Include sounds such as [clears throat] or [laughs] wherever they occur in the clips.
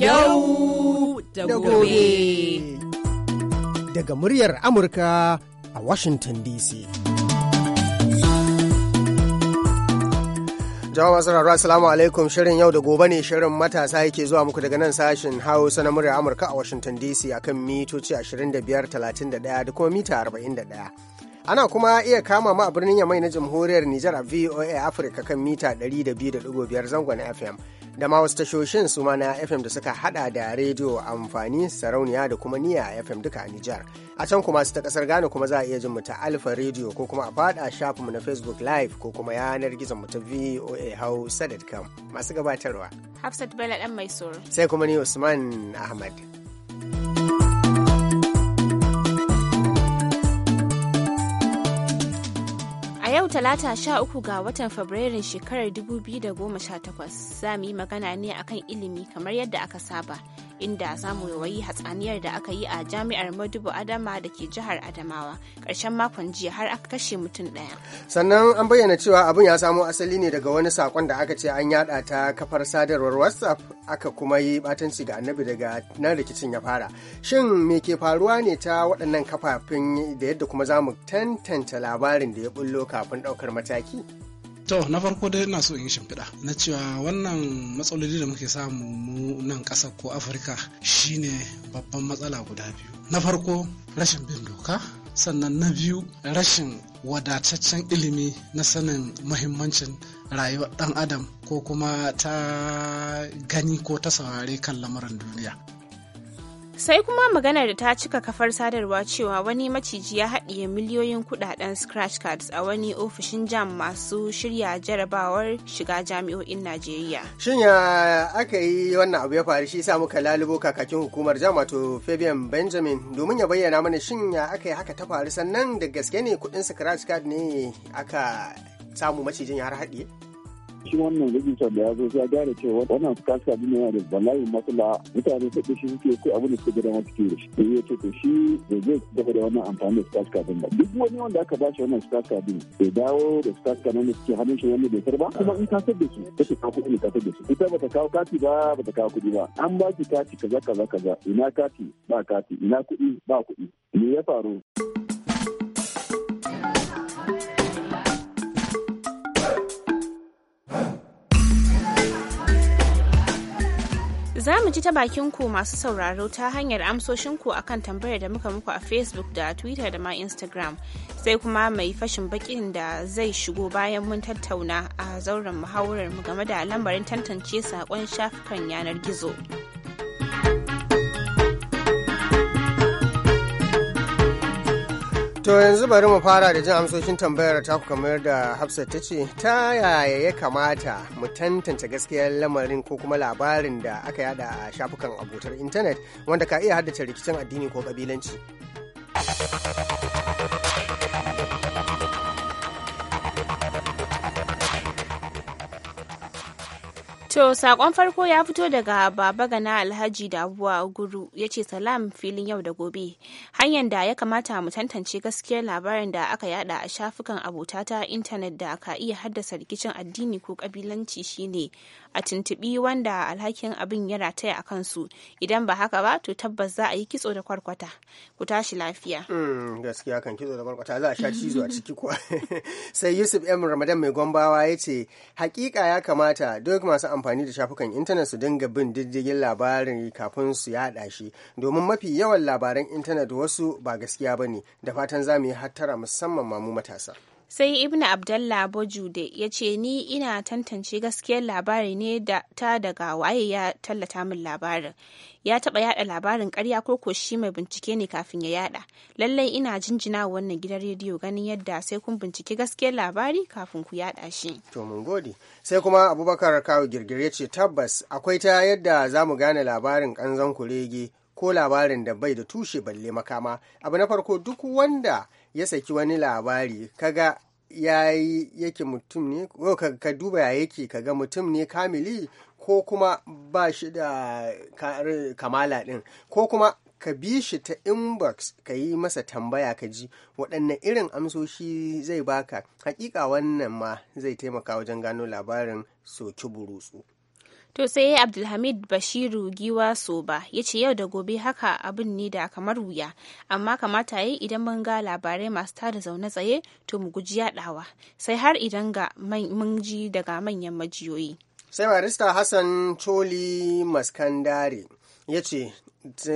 Yau da gobe. Daga muryar Amurka a Washington DC. Jawa masu rarra Assalamu alaikum shirin yau da gobe ne shirin matasa yake zuwa muku daga nan sashen Hausa na muryar Amurka a Washington DC akan mitoci 25, 31 da kuma mita 41. ana kuma iya kama ma a birnin yamai na jamhuriyar Nijar a VOA Africa kan mita 102.5 zangon FM da ma wasu tashoshin su ma na fm da suka hada da rediyo amfani sarauniya da kuma niya fm duka a nijar a can kuma su ta kasar ghana kuma za a iya jin mu ta alfa rediyo ko kuma a fada shafin mu na facebook live ko kuma yanar gizon mu ta voa hausa.com masu gabatarwa hafsat bello dan mai sai kuma ni usman ahmad yau talata sha uku ga watan Fabrairun shekarar 2018 za mu yi magana ne akan ilimi kamar yadda aka saba. inda samu mu wayi hatsaniyar da aka yi a jami'ar Madubu Adama da ke jihar Adamawa karshen makon jiya har aka kashe mutum ɗaya. Sannan an bayyana cewa abin ya samo asali ne daga wani sakon da aka ce an yada ta kafar sadarwar WhatsApp aka kuma yi batanci ga annabi daga nan rikicin ya fara. Shin me ke faruwa ne ta waɗannan kafafin da yadda kuma za mu tantance labarin da ya bullo kafin ɗaukar mataki? to na farko dai ina so in yi shimfiɗa na cewa wannan matsaloli da muke samu mu nan ƙasa ko afirka shine babban matsala guda biyu na farko rashin bin doka sannan na biyu rashin wadataccen ilimi na sanin muhimmancin rayuwar ɗan adam ko kuma ta gani ko ta saurare kan lamarin duniya sai kuma magana da ta cika kafar sadarwa cewa wani maciji ya haɗiye miliyoyin kudaden scratch cards a wani ofishin jam masu shirya jarabawar shiga jami'o'in najeriya shin ya aka yi wannan abu ya faru shi sa muka lalubo kakakin hukumar jam wato fabian benjamin domin ya bayyana mana shin ya aka yi haka ta faru sannan da gaske ne kudin scratch card ne aka samu macijin ya har haɗiye shi wannan rijistar da ya zo ya gane cewa wannan kasa din yana da balayin matsala mutane su ɗishi suke ko abin da suke gada masu kire shi ya ce to shi da zai dafa da wannan amfani da skas kadin ba duk wani wanda aka ba shi wannan skas kadin bai dawo da skas kadin da suke hannun shi wani bai karba kuma in kasar da su ce ka kuɗi ne kasar da su ita bata kawo kati ba bata kawo kuɗi ba an ba ki kati kaza kaza kaza ina kati ba kati ina kuɗi ba kuɗi me ya faru. mun ji ta bakin ku masu sauraro ta hanyar amsoshin ku akan tambayar da muka muku a Facebook da Twitter da ma Instagram. Sai kuma mai fashin bakin da zai shigo bayan mun tattauna a zauren muhawarar mu game da lambarin tantance saƙon shafukan yanar gizo. To yanzu bari mu fara da jin amsoshin tambayar taku kamar da Hafsat ta ce, ta yaya ya kamata mu tantance gaskiyar lamarin ko kuma labarin da aka yada a shafukan abotar intanet wanda ka iya haddace rikicin addini ko kabilanci. To sakon farko ya fito daga baba gana Alhaji Dabuwa Guru ya ce salam filin yau da gobe. Hanyar da ya kamata mu tantance gaskiyar labarin da aka yada a shafukan abota ta intanet da ka iya haddasa rikicin addini ko kabilanci shine a tuntubi wanda alhakin abin ya rataya a kansu idan ba haka ba to tabbas za a yi kitso da kwarkwata ku tashi lafiya. Hmm, gaskiya kan kitso da kwarkwata za a sha cizo a ciki kuwa [laughs] sai Yusuf M Ramadan mai gombawa ya ce hakika ya kamata duk masu amfani amfani da shafukan intanet su dinga bin diddigin labarin kafin su yaɗa shi domin mafi yawan labaran intanet wasu ba gaskiya ba ne da fatan za mu yi hattara musamman mamu matasa. sai ibn abdallah bojude ya ce ni ina tantance gaskiyar labari ne da ta daga waye ya tallata min labarin ya taba yada labarin karya ko ko shi mai bincike ne kafin ya yada lallai ina jinjina wannan gidan rediyo ganin yadda sai kun binciki gaskiyar labari kafin ku yada shi to mun gode sai kuma abubakar kawo girgire ce tabbas akwai ta yadda za mu gane labarin kanzon kurege ko labarin da bai da tushe balle makama abu na farko duk wanda ya saki wani labari kaga ya yake mutum ne ka duba ya yake kaga mutum ne kamili ko kuma ba shi da kamala din ko kuma ka bi shi ta inbox ka yi masa tambaya ka ji waɗanne irin amsoshi zai baka hakika wannan ma zai taimaka wajen gano labarin soki burutsu To sai ya Abdulhamid Bashiru Giwa ba ya ce yau da gobe haka abin ne da kamar wuya, amma kamata yi idan mun ga labarai masu tada zaune tsaye to mu guji yaɗawa, sai har idan ga mun ji daga manyan majiyoyi. Sai barista Hassan Choli Maskandare ya ce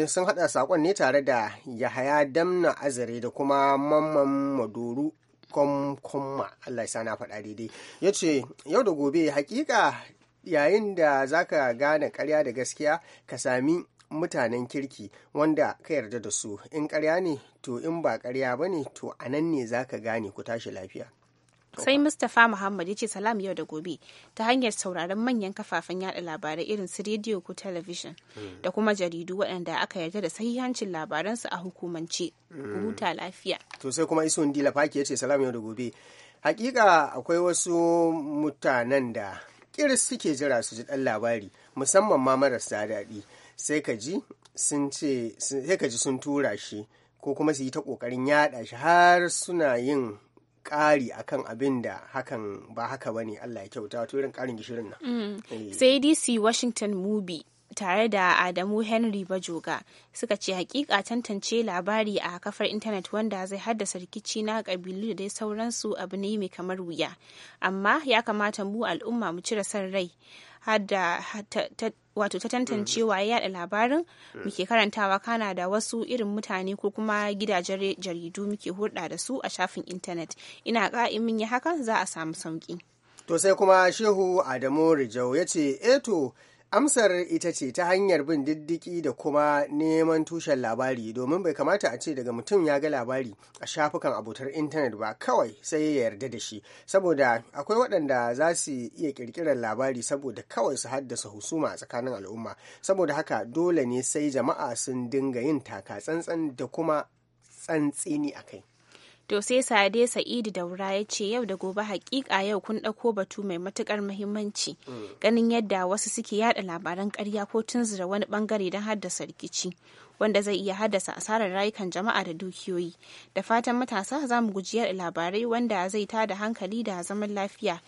sun haɗa sakon ne tare da Yahaya Damna Azare da kuma Mamman Maduru kwamma Allah ya faɗa daidai ya ce yau da gobe hakika yayin da za ka gane karya da gaskiya ka sami mutanen kirki wanda ka yarda da su in karya ne to in ba karya ba ne to a nan ne za ka gane ku tashi lafiya sai mustapha muhammad ya ce salam yau da gobe ta hanyar sauraron manyan kafafen yada labarai irin su rediyo ko talabijin hmm. da kuma jaridu waɗanda aka yarda da sahihancin labaransu a hukumance hmm. huta lafiya to sai kuma iso dila faki ya ce salam yau da gobe hakika akwai wasu mutanen da kir suke jira su ji dan labari musamman ma marasa daɗi sai ka ji sun ce sai ka ji sun tura shi ko kuma su yi ta kokarin yada shi har suna yin ƙari akan abin da hakan ba haka bane Allah ya kyauta to irin ƙarin gishirin nan. Mm. Eh. sai DC Washington movie tare da Adamu Henry Bajoga suka ce hakika tantance labari a kafar intanet wanda zai haddasa rikici na kabilu da dai sauransu abu ne mai kamar wuya. Amma ya kamata mu al'umma mu cire son rai hada wato ta tantancewa ya yada labarin muke karantawa kana da wasu irin mutane ko kuma gidajen jaridu muke hulɗa da su a shafin intanet ina ka'imin ya haka za a samu sauki. to sai kuma shehu adamu rijau ya ce eto eh Amsar ita ce ta hanyar bin diddiki da kuma neman tushen labari domin bai kamata a ce daga mutum ya ga labari a shafukan abotar intanet ba kawai sai ya yarda da shi saboda akwai waɗanda za su iya kirkirar labari saboda kawai su haddasa husuma a tsakanin al'umma saboda haka dole ne sai jama'a sun dinga yin taka tsantsan da kuma tsantsini a kai. To sai Sade Sa'idu Daura ya ce yau da gobe hakika yau kun ɗauko batu mai matukar muhimmanci mm. ganin yadda wasu suke yada labaran karya ko tunzura wani bangare don haddasa rikici wanda zai iya haddasa asarar rayukan jama'a da dukiyoyi da fatan matasa za mu guji yada labarai wanda zai tada hankali da zaman lafiya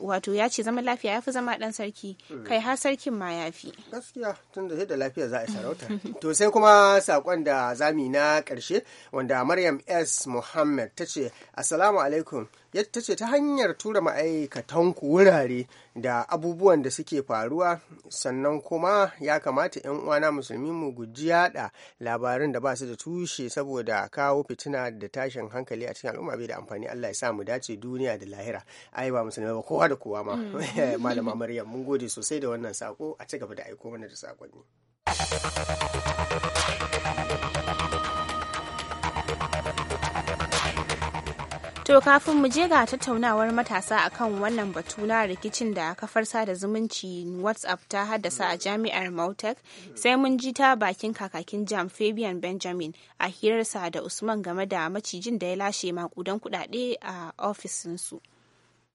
wato ya ce zama lafiya ya fi zama dan sarki kai har sarkin ma ya fi gaskiya tun da da lafiya za a sarauta [laughs] to sai kuma sakon da zamina na karshe wanda maryam s muhammad ta ce assalamu alaikum yadda ce ta hanyar tura ma'aikatanku wurare da abubuwan da suke faruwa sannan kuma ya kamata 'yan uwana musulmi mu guji yada labarin da ba su da tushe saboda kawo fitina da tashin hankali a cikin al'umma bai da amfani Allah ya sa mu dace duniya da lahira ai ba musulmi ba kowa da kowa ma mm. [laughs] malama Maryam mun gode sosai da wannan sako a ci gaba da aiko mana da sakonni To kafin mu je ga tattaunawar matasa akan wannan batu na rikicin da kafar sada zumunci WhatsApp ta haddasa a jami'ar Mautek sai mun ji ta bakin kakakin jam Fabian Benjamin a hirarsa da Usman game da macijin da ya lashe makudan kudade a ofisinsu.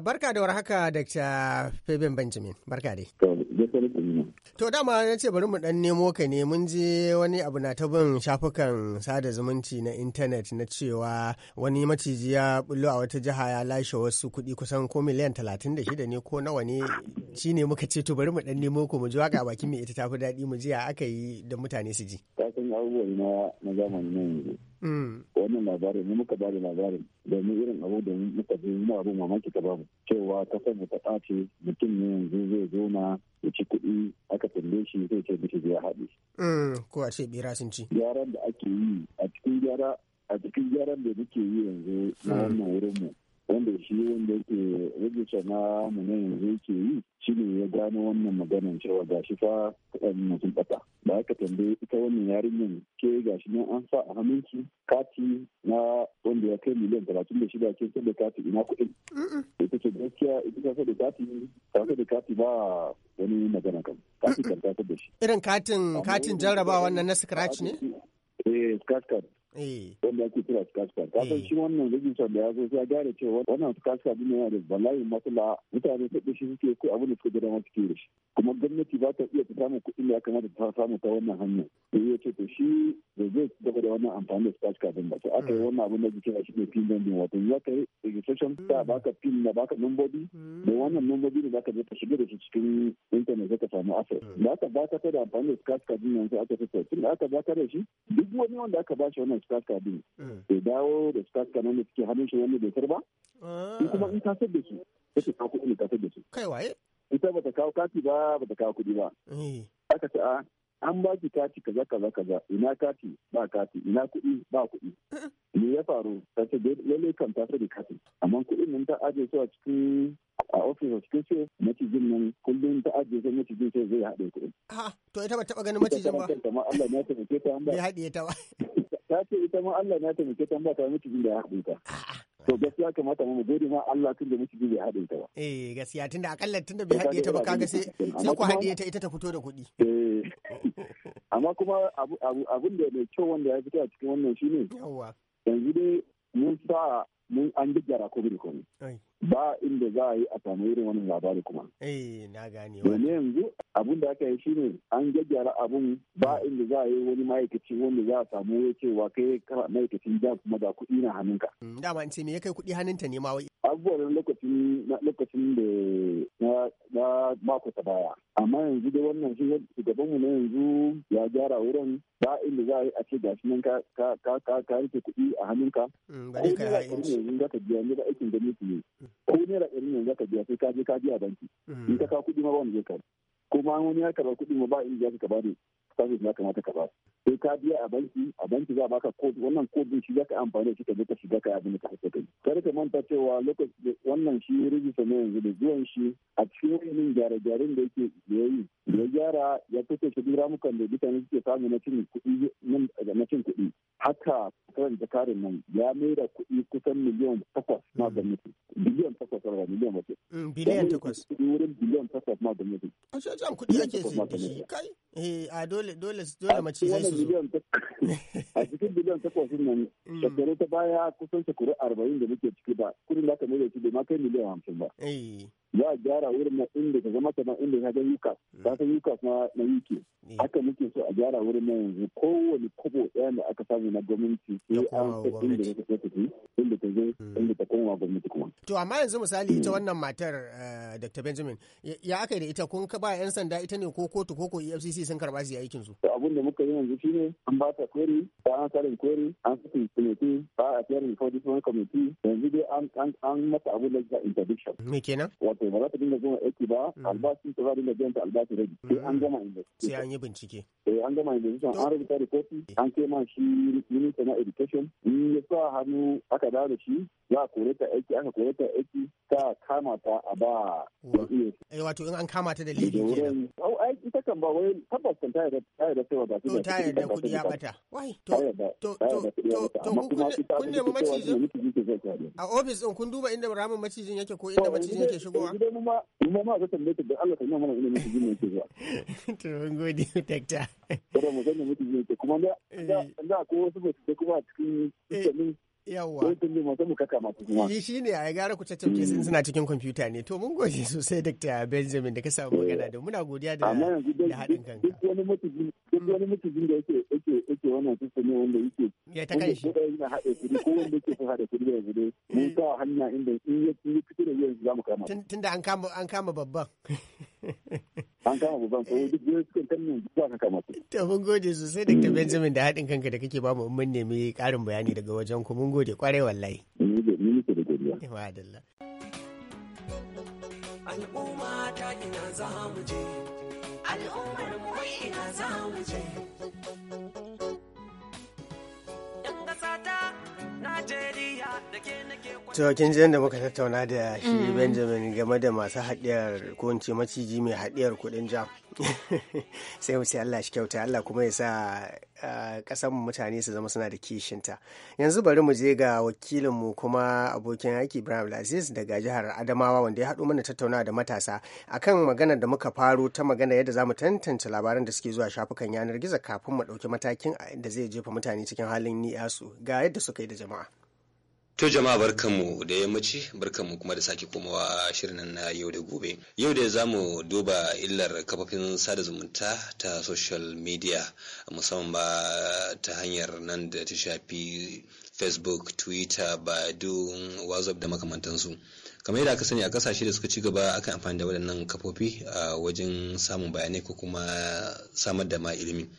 Barka da warhaka Dr. Fabian Benjamin. Barka dai. To dama na ce bari mu dan nemo ka ne mun je wani abu na ta bin shafukan sada zumunci na intanet na cewa wani maciji ya bullo a wata jiha ya lashe wasu kuɗi kusan ko miliyan talatin da shida ne ko nawa ne shi ne muka ce to bari mu dan nemo ku mu ji waka bakin mai ita tafi daɗi mu ji ya aka yi da mutane su ji. abubuwan na zamanin Mm. wannan labarin mu muka bada labarin domin irin abu da muka bi mu abu mamaki ta babu cewa kasar mu ta ɓace mutum ne yanzu zai na ya ci kuɗi aka tambaye shi zai ce bishi ya haɗe. Mm, ko a ce bera sun ci. gyaran da ake yi a cikin gyara a cikin gyaran da muke yi yanzu na mm. wannan wurin mu wanda shi wanda yake rajista na mu na yanzu yake yi shi ne ya gano wannan maganan cewa ga shi fa kaɗan sun ɓata da aka tambaye ita wannan yarinyar ke ga shi ne an sa a hannunki kati na wanda ya kai miliyan talatin da shida ke da kati ina kuɗin ita ce gaskiya ita ta da kati ta da kati ba wani magana kan kati kan ta da shi irin katin katin jarrabawa wannan na scratch ne eh scratch card Eh. wanda ake kira skaspa ka san eh. shi wannan rigin rijista da ya zo ya gane cewa wannan skaspa din yana da bala'in matsala mutane su shi suke ko abin da suka gada ma suke da shi kuma gwamnati ba ta iya ta samu kuɗin da ya kamata ta samu ta wannan hanya da ya ce to shi da zai gaba da wannan amfani da skaspa din ba to aka yi hmm. wannan abin da ake kira shi ne pin din wato ya ka yi registration ta hmm. baka pin na baka numbobi hmm. da wannan numbobi da zaka je ka shiga da su cikin internet zaka samu access da aka baka ta da amfani da skaspa din yanzu aka fita tun da aka baka da shi duk wani wanda aka ba shi wannan da staka din eh. dawo da staka nan da suke hannun shi wanda bai in ah. kuma in ka da su ce kuɗi ne da su kai waye ita bata kawo kati ba bata kawo kuɗi ba eh. aka ce a ah, an ba ki kati kaza kaza kaza ina kati ba kati ina kuɗi ba kuɗi eh. me ya faru ta ce lalle kan ta da kati amma kuɗin nan ta ajiye su a cikin a ofis cikin ce macijin nan kullum ta ajiye su macijin sai zai haɗe kuɗin. Ah, to ita ba taɓa ganin macijin ba. Ita ta Allah ya taimake ta an ba. Ya haɗe ta ba. [laughs] ta ce ita ma Allah na taimake ta ba ta miciji da ya haɗe ta. To gaskiya kamata mu gode ma Allah tunda miciji bai haɗe ta ba. Eh gaskiya tunda akalla tunda bai haɗe ta ba kaga sai sai ku haɗe ta ita ta fito da kuɗi. Eh amma kuma abun da mai kyau wanda ya fito a cikin wannan shine. Yawwa. Yanzu dai mun sa mun an gyara ko bai komai. ba inda za a yi a samu irin wannan labari kuma. Eh na gane Domin yanzu abun da aka yi shine an gyaggyara abun ba hmm. inda za a yi wani ma'aikaci wanda za a samu ya ce wa kai ma'aikacin ja kuma da kuɗi na hannunka. Hmm, dama in ce me ya kai kuɗi hannunta ne ma wai. Abubuwan lokacin na lokacin da na mako ta baya. Amma yanzu da wannan shi shugabanmu na yanzu ya gyara wurin ba inda za a yi a ce gashi nan ka ka ka ka rike kuɗi a hannunka. Hmm, ba dai ka yi. Ko ne ka za ka biya ne da aikin gwamnati ne. ko naira ɗari ne zaka biya sai ka je ka biya banki mm. in ka kawo kuɗi ma ba wani zai kawo ko wani ya karɓa kuɗi ma ba inda zaka ka bani service ya kamata ka ba sai ka biya a banki a banki za a baka code wannan code shi zaka amfani da shi ka je ka shiga ka abin da ka haka kai kar ka manta cewa lokacin wannan shi rijista ne yanzu da zuwan shi a cikin yin gyare-gyaren da yake da yayi ya gyara ya kace shi duk ramukan da mutane suke samu na cin kuɗi na cin kuɗi haka karanta karin nan ya maida kuɗi kusan miliyan takwas na hmm. gwamnati biliyan takwas ba miliyan ba hmm, biliyan takwas wurin biliyan takwas na gwamnati a kuɗi ake kai Eh, a dole dole dole mace zai su [laughs] A cikin biliyan ta takwas nan, mm. shekaru ta baya kusan shekaru 40 da muke ciki ba, kudin da aka mai da shi bai ma kai miliyan 50 ba. Eh. za a gyara wurin na inda ta zama kamar inda ta ga yukas ta hmm. san yukas na na yuke hmm. haka muke so a gyara wurin na yanzu kowane kobo ɗaya da aka samu na gwamnati sai an san inda ta tafi inda ta zo hmm. inda ta koma gwamnati kuma to amma yanzu misali ita wannan matar eh, Dr Benjamin ya aka yi da ita kun ba yan sanda ita ne ko kotu ko ko EFCC sun karba su aikin su abin da muka yi yanzu shine an ba ta query ta an karin kwari an saki committee ba a tiyarin for different committee yanzu dai an mata abu da interdiction me kenan kai ba za ta dinga zuwa aiki ba mm. albashin ta za dinga biyan ta albashi da mm. sai an gama investigation sai an yi bincike sai eh, an gama investigation an rubuta rikoti eh. an kai ma shi minista na education in ya sa hannu aka da da shi za a kore ta aiki aka kore ta aiki ta kama ta a ba eh wato in an kama ta da laifi kenan au ai ita kan ba wai tabbas kan ta yarda ta yarda cewa ba to ta yarda kudi ya bata wai to to to to kun nemi macijin a office din kun duba inda ramin macijin yake ko inda macijin yake shigowa kuwa. Gidan ma mu ma za ta da Allah ta nuna mana ilimin su jimin ke zuwa. [laughs] To mun gode dakta. Kada mu sani mutum ne kuma da da ko wasu ba su kuma cikin cikin eh, yawwa shi ne a gara ku tattauke sun mm. suna cikin kwamfuta ne to mun gode sosai dr benjamin da ka samu eh. magana da muna godiya da haɗin kanka duk wani mutum da yake yake yake wannan sistemi wanda yake ya ta kai shi ko wanda yake da yanzu dai mun eh. sa hanya inda in ya fito da yanzu za kama tunda an kama an kama babban [laughs] an kama babban ko duk tannin zuwa ka kama su. mun gode sosai Benjamin da haɗin kanka da kake ba mu mun nemi ƙarin bayani daga wajen ku mun gode kwarai wallahi. Ni da godiya. Wa Al'umma ta Yan ƙasa ta Najeriya. to kin ji yadda muka tattauna da shi benjamin game da masu haɗiyar ko in ce maciji mai haɗiyar kuɗin jam [laughs] sai mu ce allah shi kyauta allah kuma ya sa ƙasan mutane su zama suna da kishinta yanzu bari mu je ga wakilinmu kuma abokin aiki ibrahim aziz daga jihar adamawa wanda ya haɗo mana tattauna da matasa akan magana da muka faro ta magana yadda za mu tantance labaran da suke zuwa shafukan yanar gizo kafin mu ɗauki matakin da zai jefa mutane cikin halin ni'asu ga yadda suka yi da jama'a To jama'a barkanmu da yammaci barkanmu kuma da sake komawa shirin na yau da gobe. Yau da za mu duba illar kafafin sada zumunta ta social media musamman ba ta hanyar nan da ta shafi Facebook, Twitter, Badu, WhatsApp da makamantansu. kamar yadda aka sani a kasashe da suka ci gaba aka amfani da waɗannan kafofi a wajen samun bayanai ko kuma samar da ma ilimi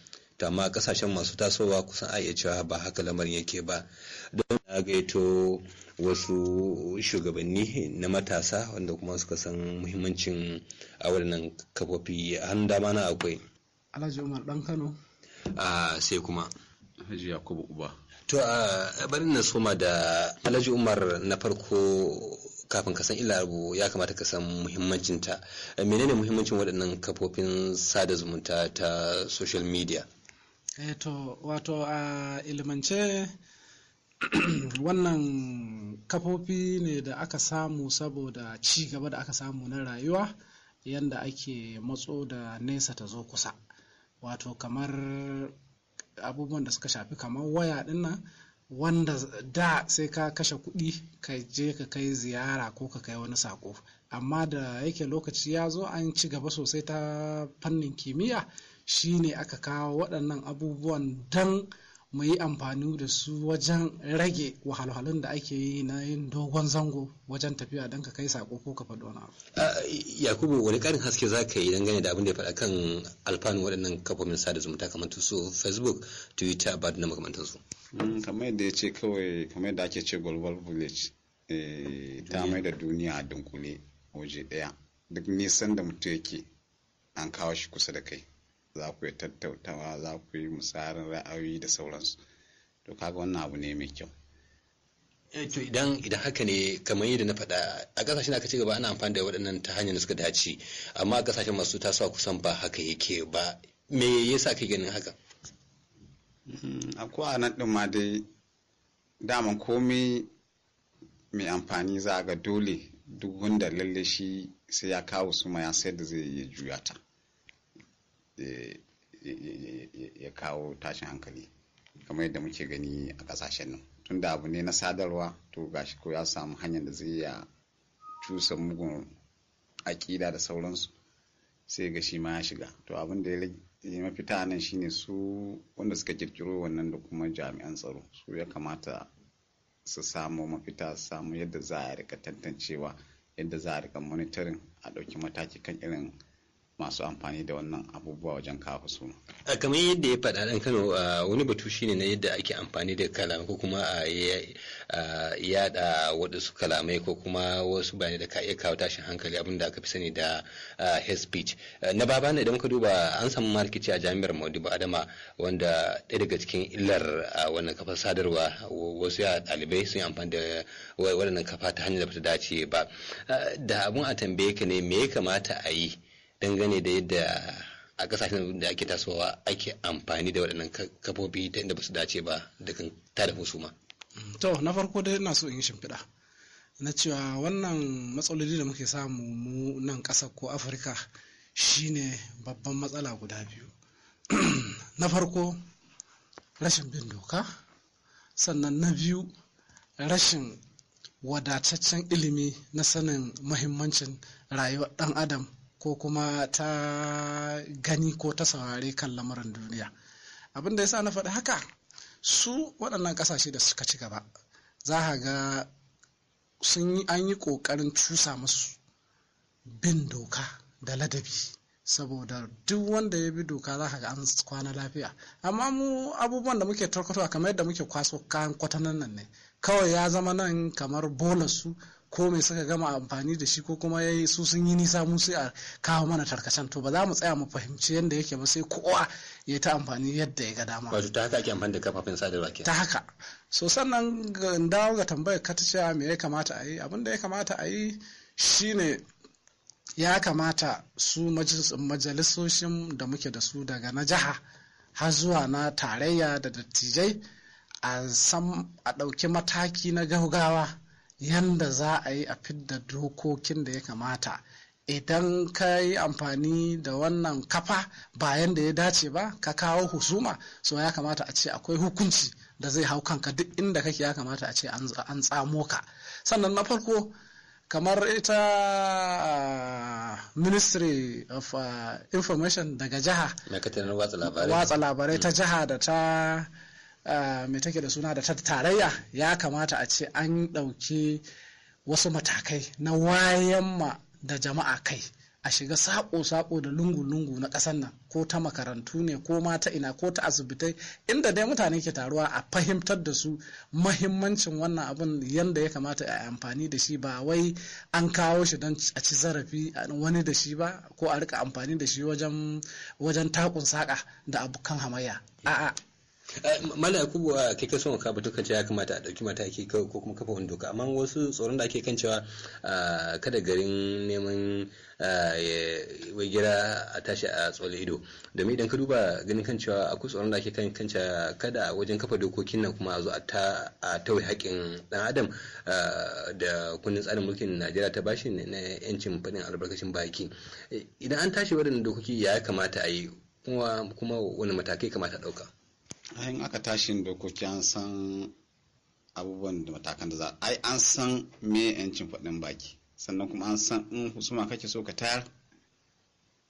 ta amma kasashen masu tasowa kusan a iya cewa ba haka lamarin yake ba don na gaito wasu shugabanni na matasa wanda kuma suka san muhimmancin a waɗannan kafofi hannun dama na akwai alhaji umar dan kano a sai kuma alhaji yakubu uba to a bari na soma da alhaji umar na farko kafin ka san illa ya kamata ka san muhimmancinta menene muhimmancin waɗannan kafofin sada zumunta ta social media Eh, to wato a ilimance [clears throat] wannan kafofi ne da aka samu saboda ci gaba da aka samu na rayuwa yadda ake matso da nesa ta zo kusa wato kamar abubuwan da suka shafi kamar waya dinnan wanda da sai ka kashe kuɗi ka je ka kai ziyara ko ka kai wani sako amma da yake lokaci ya zo an ci gaba sosai ta fannin kimiyya shi ne aka kawo waɗannan abubuwan don mu yi amfani da su wajen rage wahalhalun da ake yi na yin dogon zango wajen tafiya don ka kai sako ko ka faɗo na abu. yakubu wani ƙarin haske za ka yi dangane da abin da ya faɗa kan alfanu waɗannan kafofin sada zumunta kamar su facebook twitter ba da su mm, kamar yadda ya ce kawai kamar yadda ake ce global village eh, ta mai da duniya a dunkule waje ɗaya duk nisan da mutum yake an kawo shi kusa da kai za ku yi tattautawa za ku yi musarin ra'ayoyi da sauransu to kaga wannan abu ne mai kyau eh, to idan idan haka ne kamar yadda na faɗa a ƙasashen aka ci gaba ana amfani da waɗannan ta hanyar da suka dace amma a ƙasashen masu tasowa kusan ba haka yake ba me yasa ka ganin haka mm-hmm. akwai a nan ɗin ma dai daman komai mai amfani za a ga dole duk wanda lalle shi sai ya kawo su ma ya sayar da zai iya juya ta ya kawo tashin hankali kamar yadda muke gani a kasashen nan tun da abu ne na sadarwa to gashi ko ya samu hanyar da zai ya cusa mugun aƙida da sauransu sai ga shi ma ya shiga to abin da ya mafita nan shine su wanda suka kirkiro wannan da kuma jami'an tsaro su ya kamata su samu mafita su samu yadda za a rika tantancewa yadda za a rika monitoring a ɗauki mataki kan irin masu amfani da wannan abubuwa wajen kawo su. kamar yadda ya faɗa ɗan kano wani batu shine na yadda ake amfani da kalamai ko kuma a yada waɗansu kalamai ko kuma wasu bayanai da ka iya kawo tashin hankali abin da aka fi sani da head speech na baba ne idan ka duba an samu markici a jami'ar Maudu adama wanda ɗaya daga cikin illar wannan kafar sadarwa wasu ya ɗalibai sun yi amfani da waɗannan kafa ta hanyar da ba ta dace ba da abun a tambaye ka ne me ya kamata a yi dangane da yadda a kasashen da ake tasowa ake amfani da waɗannan kafofi ta inda ba su dace ba da kan tada ma. Mm, to na farko dai ina so in yi shimfiɗa na cewa wannan matsaloli da muke samu mu nan ƙasa ko afirka shine babban matsala guda biyu [clears throat] na farko rashin bin doka sannan na biyu rashin wadataccen ilimi na sanin muhimmancin rayuwar ɗan adam ko kuma ta gani ko ta saurari kan lamarin duniya abin da ya sa na faɗi haka su waɗannan ƙasashe da suka ci gaba za a ga sun yi an yi ƙoƙarin cusa musu bin doka da ladabi saboda duk wanda ya bi doka za ka ga an kwana lafiya amma mu abubuwan da muke tarkatuwa kamar yadda muke kwaso kayan kwatanan nan ne kawai ya zama nan kamar bolar su ko mai suka gama amfani da shi ko kuma ya yi su sun yi nisa mu sai a kawo mana tarkacen to ba za mu tsaya mu fahimci yadda yake ba sai kowa ya ta amfani yadda ya ga dama wato ta haka ake amfani da kafafen sadarwa ke ta haka so sannan dawo ga tambayar ka ta cewa me ya kamata a yi abin da ya kamata a yi shine ya kamata su majalisoshin da muke da su daga na jiha har zuwa na tarayya da dattijai a ɗauki mataki na gaugawa yanda za a yi a fidda dokokin da ya kamata idan ka yi amfani da wannan kafa ba yanda ya dace ba ka kawo husuma so ya kamata a ce akwai hukunci da zai hau kanka duk inda kake ya kamata a ce an tsamo ka sannan na farko kamar ita uh, ministry of ah, information daga jiha watsa labarai ta hmm. jiha da ta Ah, mai take da suna da ta tarayya ya kamata a ce an ɗauki wasu matakai na wayan ma da jama'a kai a shiga sako-sako da lungu-lungu na ƙasar nan ko ta makarantu ne ko ma ta ina ko ta asibitai inda dai mutane ke taruwa a fahimtar da su mahimmancin wannan abin yadda ya kamata a amfani da shi ba wai an kawo shi don a ci zarafi wani da shi ba ko a rika amfani da shi wajen takun saƙa da abokan hamayya a'a Malam Yakubu kai ka son ka batu cewa ya kamata a dauki mataki ko kuma kafa wani doka amma wasu tsoron da ake kan cewa kada garin neman wai gira a tashi a tsole ido domin idan ka duba ganin kan cewa akwai tsoron da ake kan kan kada wajen kafa dokokin nan kuma a zo a tauye haƙƙin dan adam da kundin tsarin mulkin Najeriya ta bashi na yancin faɗin albarkacin baki idan an tashi waɗannan dokoki ya kamata a yi kuma wani matakai kamata a ɗauka. in aka tashin dokoki an san abubuwan da matakan da za a ai an san me yancin faɗin baki sannan kuma an san in husuma kake so ka tayar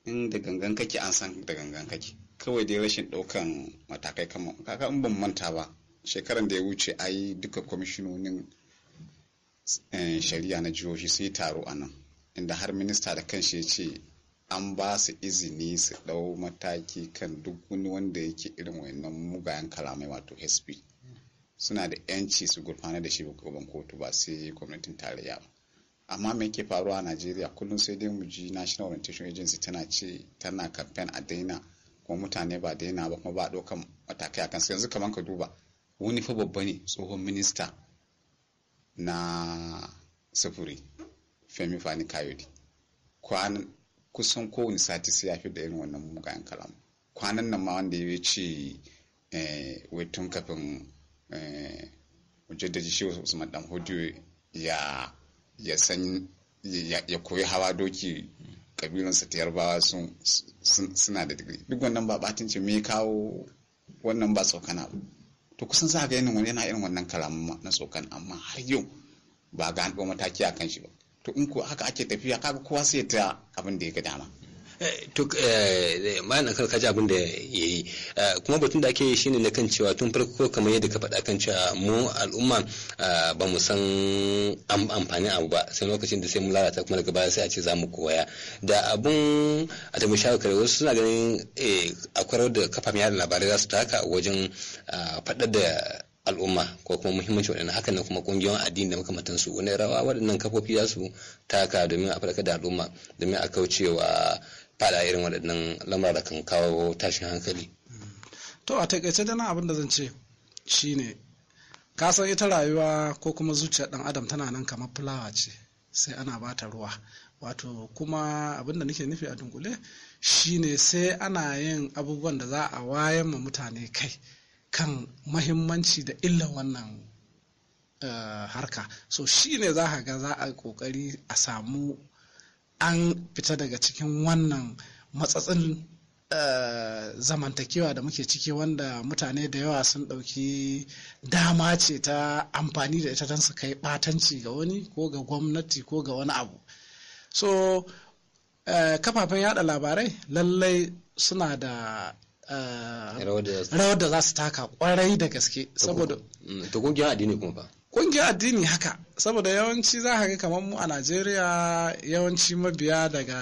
in da gangan kake an san da gangan kake kawai dai rashin ɗaukan matakai kamar kaka in ban manta ba shekaran da ya wuce ai duka kwamishinonin eh, shari'a na jihohi sai taro a nan inda har minista da kanshi ya ce an ba su izini su ɗau mataki kan duk wani wanda yake irin wayannan mugayen kalamai wato hsp suna da yanci su gurfana da shi gaban kotu ba sai gwamnatin tarayya ba amma me ke faruwa a najeriya kullum sai dai mu ji national orientation agency tana ce tana kamfen a daina kuma mutane ba daina ba kuma ba ɗaukan matakai akan su yanzu kamar ka duba wani fa babba ne tsohon minista na sufuri femi fani kayode kwanan kusan kowane sati sai ya fi da irin wannan mugayen kalamu kwanan nan ma wanda ya ce eh, wai tun kafin eh, ji shi usman dan hudu ya ya koyi hawa doki kabilansa ta yarbawa suna da digiri duk wannan ba ce me kawo wannan ba tsokana ba to kusan za ga yana irin wannan kalamun na tsokan amma har yau ba ga an mataki a kan shi ba to in ko haka ake tafiya kaga kowa sai ta abin da ya ga dama ma'ana kan kaji abin da ya yi eh, kuma batun da ake yi shine na kan cewa tun farko kamar yadda ka faɗa kan cewa mu al'umma eh, ba mu san amfani abu ba sai lokacin da sai mu lalata kuma daga baya sai a ce za mu koya da abun a tabi kare wasu suna ganin eh, akwai da kafafen yada labarai za su taka wajen faɗar da al'umma ko kuma muhimmanci waɗannan hakan nan kuma ƙungiyoyin addini da su wani rawa waɗannan kafofi za su taka domin a farka da al'umma domin a kaucewa faɗa irin waɗannan lamar da kan kawo tashin hankali. to a taƙaice dana abin da zan ce shine ka san ita rayuwa ko kuma zuciyar ɗan adam tana nan kamar fulawa ce sai ana bata ruwa wato kuma abin da nake nufi a dunkule shine sai ana yin abubuwan da za a wayan ma mutane kai kan mahimmanci da illan wannan eh, harka so shi ne za a ga za a kokari a samu an fita daga cikin wannan matsatsin eh, zamantakewa da muke ciki wanda mutane da yawa sun ɗauki dama ce ta amfani da ita don su kai ɓatanci ga wani ko ga gwamnati ko ga wani abu so eh, kafafen yada labarai lallai suna da Eh, rawar da za su taka kwarai da gaske saboda mm, to kungiyar addini kuma ba kungiyar addini haka saboda yawanci za ka ga kamar mu a Najeriya yawanci mabiya daga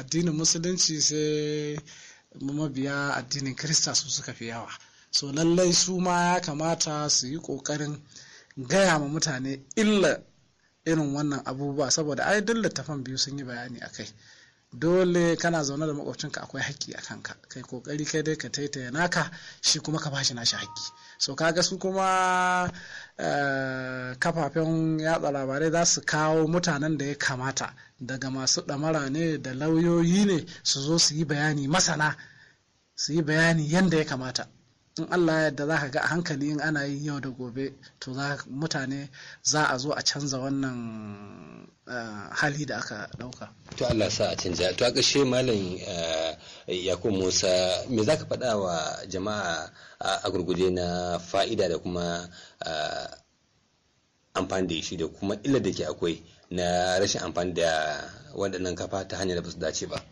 addinin musulunci sai mabiya addinin Kirista su suka fi yawa so lallai su ma ya kamata su yi kokarin gaya ma mutane illa irin wannan abubuwa saboda ai dun littafan biyu sun yi bayani a kai dole kana zaune da makwabcinka akwai haƙƙi a kanka kai kokari kai dai ka taitaya naka shi kuma ka bashi nashi haƙƙi so ka ga su kuma eh, kafafen yatsa labarai za su kawo mutanen da ya kamata daga masu ɗamara ne da lauyoyi ne su zo su yi bayani masana su yi bayani yadda ya kamata in allah ya yarda za ka ga a hankali in ana yi yau da gobe to za mutane za a zo a canza wannan eh, hali da aka dauka to allah sa a canja to a kashe malam eh, yakub musa me za ka faɗa wa jama'a a gurguje na fa'ida da kuma eh, amfani da shi da kuma illar da ke akwai na rashin amfani da waɗannan kafa ta hanyar da ba su dace ba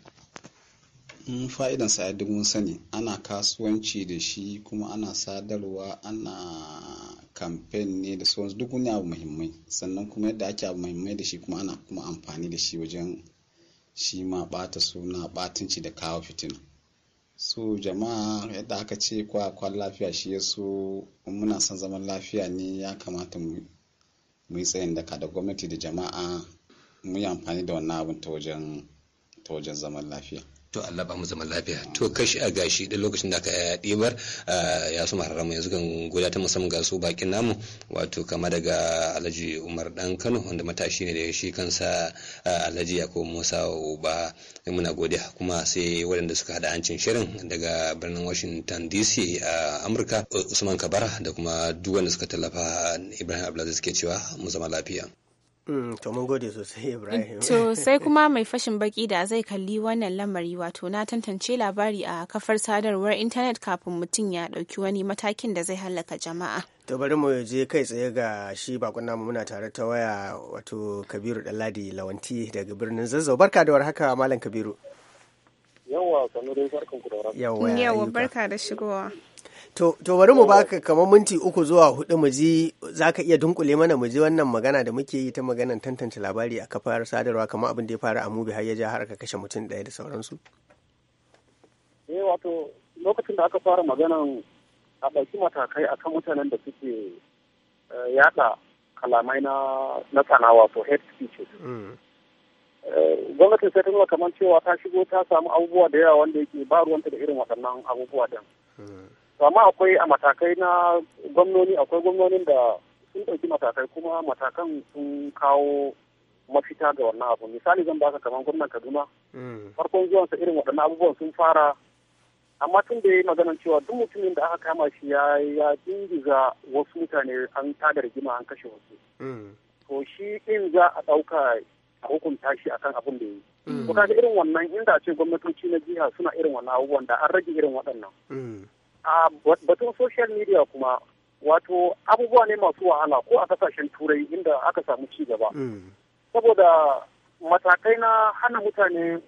fa'idan sa duk mun sani ana kasuwanci da shi kuma ana sadarwa ana kamfen ne da sauran duk wani abu muhimmai sannan kuma yadda ake abu muhimmai da shi kuma ana kuma amfani da shi wajen shi ma bata suna batanci da kawo fitina so jama'a yadda aka ce kwan lafiya shi ya so muna son zaman lafiya ne ya kamata mu yi tsayin daka da gwamnati da jama'a mu yi amfani da wannan abin ta wajen zaman lafiya to Allah ba mu zama lafiya to kashi a gashi da lokacin da aka eh, ɗibar eh, ya su mararamu yanzu kan guda ta musamman ga su bakin namu wato kama daga Alhaji Umar dan Kano wanda matashi ne da shi kansa eh, Alhaji yakub Musa Uba muna godiya kuma sai waɗanda suka hada hancin shirin daga birnin Washington DC a Amurka Usman Kabara da kuma duk wanda suka tallafa Ibrahim Abdulaziz suke cewa mu zama lafiya Mm, to mun gode sosai Ibrahim. To [laughs] sai kuma mai fashin baki da zai kalli wannan lamari wato na tantance labari a kafar sadarwar intanet kafin mutum ya ɗauki wani matakin da zai hallaka jama'a. To bari mu je kai tsaye ga shi bakon namu muna tare ta waya wato Kabiru Ɗanladi Lawanti daga birnin Zazzau. Barka da warhaka Malam Kabiru. Yawwa, sanu dai barkan ku da Yawwa, barka da shigowa. To, bari mu baka kamar minti uku zuwa hudu mu ji za ka iya dunkule mana mu ji wannan magana da muke yi ta maganan tantance labari a kafar sadarwa kamar abin da ya fara a mubi har ya ja har ka kashe mutum ɗaya da sauransu. Eh wato lokacin da aka fara maganan a ɗauki matakai akan mutanen da suke eh, yaɗa kalamai na na sana wato head speeches. Mm. Eh, Gwamnatin sai ta nuna kamar cewa ta shigo ta samu abubuwa da yawa wanda yake ba ruwanta da irin waɗannan abubuwa ɗin. Mm. amma akwai a matakai na gwamnoni akwai gwamnonin da sun ɗauki matakai kuma matakan sun kawo mafita ga wannan abu misali zan baka kamar gwamnan kaduna mm. farkon zuwansa irin waɗannan abubuwan sun fara amma tun da ya yi maganan cewa duk mutumin da aka kama shi ya ya dingiza wasu mutane an tada rigima an kashe wasu mm. to shi ɗin za a ɗauka a hukunta shi akan abin da ya yi. Kuka mm. irin wannan inda ce gwamnatoci na jiha suna irin wannan abubuwan da an rage irin waɗannan. batun social media kuma wato abubuwa ne masu wahala ko a kasashen turai inda aka samu ci gaba hmm. saboda matakai na hana mutane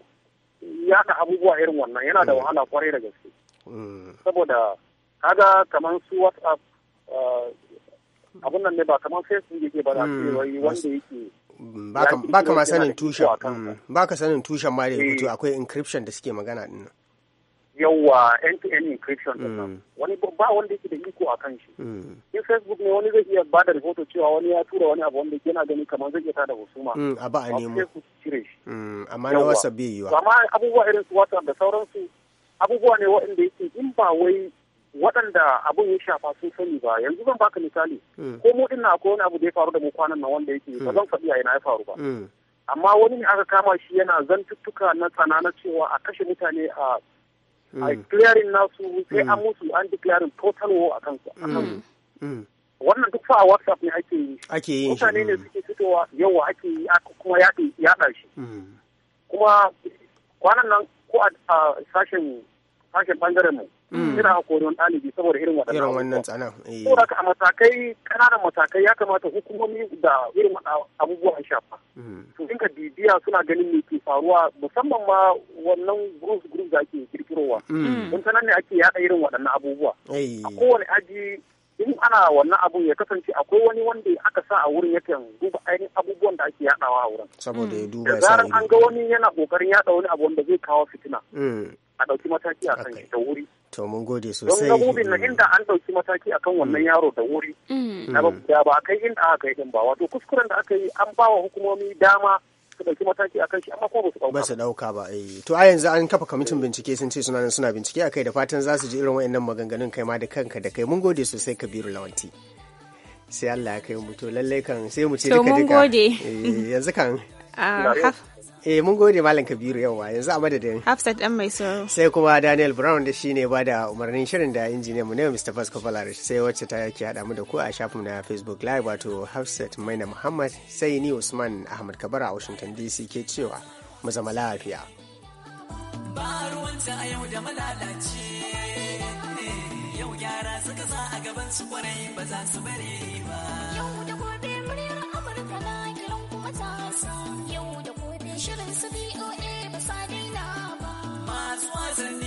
yada abubuwa irin wannan yana da hmm. wahala kwarai da gaske hmm. saboda kaga kamar su whatsapp eh, abun nan ne ba kamar facebook yake ba da wanda yake baka ma sanin tushen baka sanin tushen ma da ya eh. akwai encryption da suke magana din yawa end-to-end encryption mm. wani ba wanda yake da iko a kan shi mm. in facebook ne wani zai iya ba da rahoto cewa wani ya tura wani abu wanda yana gani kamar zai iya tada husuma mm, a ba a nemo cire amma na wasa bai yiwa amma abubuwa irin su whatsapp da sauransu abubuwa ne waɗanda yake in ba wai waɗanda abun ya shafa sun sani ba yanzu zan baka misali ko mu din na akwai wani abu da ya faru da mu kwanan nan wanda yake ba zan faɗi a ina ya faru ba amma wani ne aka kama shi yana zantuttuka na tsana na cewa a kashe mutane a a mm. clearing nasu sai mm. an musu an declaring total war a kansu wannan duk fa a whatsapp ne ake yi ake yi mutane mm. ne suke fitowa yawa ake yi kuma yaɗa shi kuma kwanan nan ko a sashen sashen bangaren mu mm. ina hakuri dalibi ɗalibi saboda irin waɗannan irin wannan tsanan ko eh. da a matakai ƙananan matakai ya kamata hukumomi da irin a shafa mm. in ka bibiya suna ganin me ke faruwa musamman ma wannan group group da ake kirkirowa mm. Mun sanar ne ake yaɗa irin waɗannan abubuwa a kowane aji in ana wannan abun ya kasance akwai wani wanda aka sa a wurin yake duba ainihin abubuwan da ake yadawa a wurin saboda ya duba da an ga wani yana kokarin yada wani abu wanda zai kawo fitina a ɗauki mataki a kan shi da wuri. To mun gode sosai. Don gabobin na inda an ɗauki mataki kan mm. wannan yaro da wuri. Mm. Na ba da ba kai inda aka yi ɗin ba wato kuskuren da aka yi an ba wa hukumomi dama su ɗauki mataki a kan shi amma ko ba su ɗauka. Ba su ɗauka ba eh. To a yanzu an kafa kwamitin bincike sun ce suna nan suna bincike a kai da fatan za su ji irin waɗannan maganganun kai ma da kanka da kai mun gode sosai Kabiru Lawanti. sai Allah ya kai mu to lallai kan sai mu ce duka duka eh, yanzu kan [laughs] ah, Eh mun gode Malam Kabiru yawa yanzu a madadin. Hafsat dan mai sauro. Sai kuma Daniel Brown da shine ba da umarnin shirin da injiniyan mu ne Mr. Vasco Falarish sai wacce ta yake hada mu da ku a shafin na Facebook Live wato Hafsat Maina Muhammad sai ni Usman Ahmad Kabara a Washington DC ke cewa mu zama lafiya. Ba ruwanta a yau da malalaci yau gyara suka sa a gaban su kwarai ba za su bare ba. Yau da gobe muryar Amurka na kiran kuma ta sa. shirin su BOA ba sa daina ba. Masu wasanni